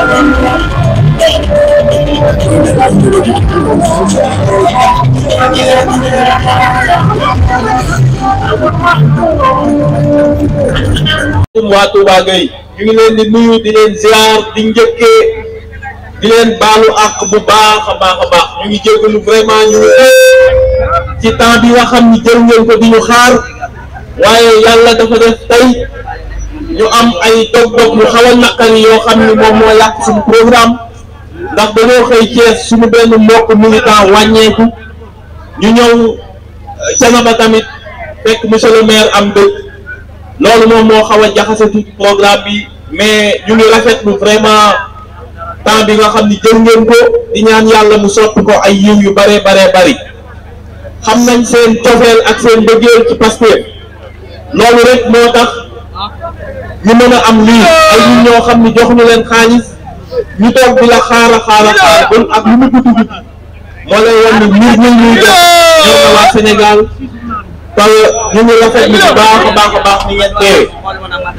waa Touba Gueye ñu ngi leen di di leen ziar di bu baax a ngi jégalu vraiment ci temps bi nga xam ni jël ngeen ko di ñu xaar waaye yàlla dafa def tey ñu am ay dog-dog mu xaw a naqari yoo xam ni moom moo yàq suñu programme ndax dañoo xëy Thiès suñu benn mbokk militant wàññeeku ñu ñëw euh, Thiénaba tamit fekk monsieur le maire am dëkk loolu moom moo xaw a jaxase tout programme bi mais ñu ngi rafetlu vraiment temps bi nga xam ni jël ngeen ko di ñaan yàlla mu sotti ko ay yiw yu bare bare bari xam nañ seen cofeel ak seen bëggeel ci Pastef loolu rek moo tax. ñu mën a am lii ah. ay ñoo xam ne jox ñu leen xaalis ñu toog di la xaara xaara xaar bon ak lu mu gudd gudd moo lay wan ne mbir ñuy def ah. Sénégal te ñu ngi rafetlu bu baax a baax a baax ni ngeen teewee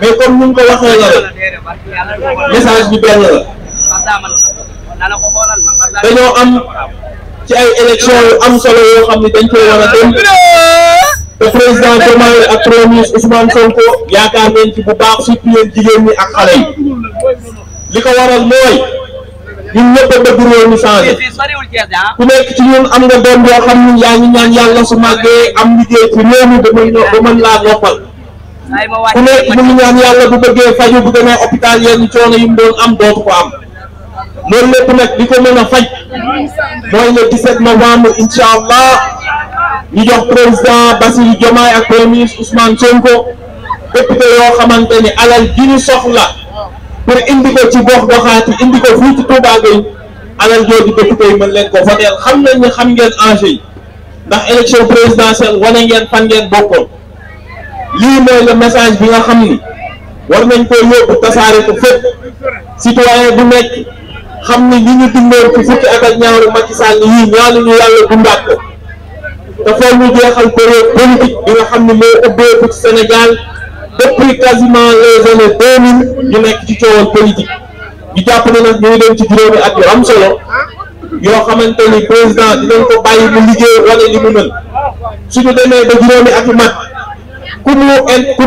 mais comme ni nga ko waxee la rek message bi benn la dañoo am ci ay élection yu am solo yoo xam ne dañ koy war dem. te président Diomaye ak premier ministre Sonko yaakaar nañ ci bu baax surtout yéen jigéen ñi ak xale yi li ko waral mooy ñun ñëpp a bëgg réew ku nekk ci ñun am nga doom yoo xam ni yaa ngi ñaan yàlla su màggee am liggéey ci réew mi ba mën ba laa noppal ku nekk mu ngi ñaan yàlla bu bëggee faju bu demee hôpital yenn coono yi mu doon am dootu ko am loolu lépp nag di ko mën a faj mooy le 17 novembre incha allah. ñu jox président Bassirou Diomaye ak premier ministre yoo xamante ni alal ji ñu soxla pour indi ko ci gox goxaati indi ko fii ci Touba Gueye alal jooju député yi mën leen ko voteel xam nañ ne xam ngeen enjeu ndax élection présidentielle wane ngeen fan ngeen bokkoon lii mooy le message bi nga xam ni war nañ ko yóbbu tasaare ko fépp citoyen bu nekk xam ni li ñu dundoon ci fukki at ak ñaaru Macky Sall yii ñaanu ñu yàlla dundaat te xool ñu jeexal période politique bi nga xam ne moo ubbeeku ci Sénégal depuis quasiment les années deux mille ñu nekk ci coowal politique ñu jàpp ne nag ñu ngi dem ci juróomi at yu am solo yoo xamante ni président dinañ ko bàyyi mu liggéey wane li mu mën suñu demee ba juróomi at yu mat ku mu ku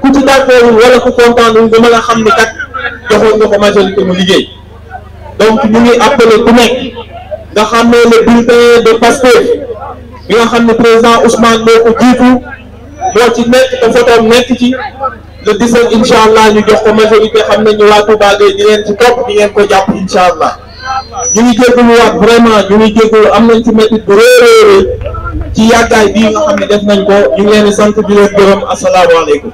ku ci d'accord wala ku kontaan nga mën a xam ni kat joxoon nga ko majorité mu liggéey donc ñu ngi appelé ku nekk nga xam ne le bulletin de Pastef li nga xam ne président Ousmane moo ko jiitu moo ci nekk te fotoom nekk ci le 17 incha allah ñu jox ko majorité xam nañu waa Touba Gueye di leen ci topp di ngeen ko jàpp incha allah ñu ngi mu waat vraiment ñu ngi jégalu am nañ ci métit bu réeréeré ci yàggaay bii nga xam ne def nañ ko ñu leen di sant di leen gërëm asalaamaaleykum.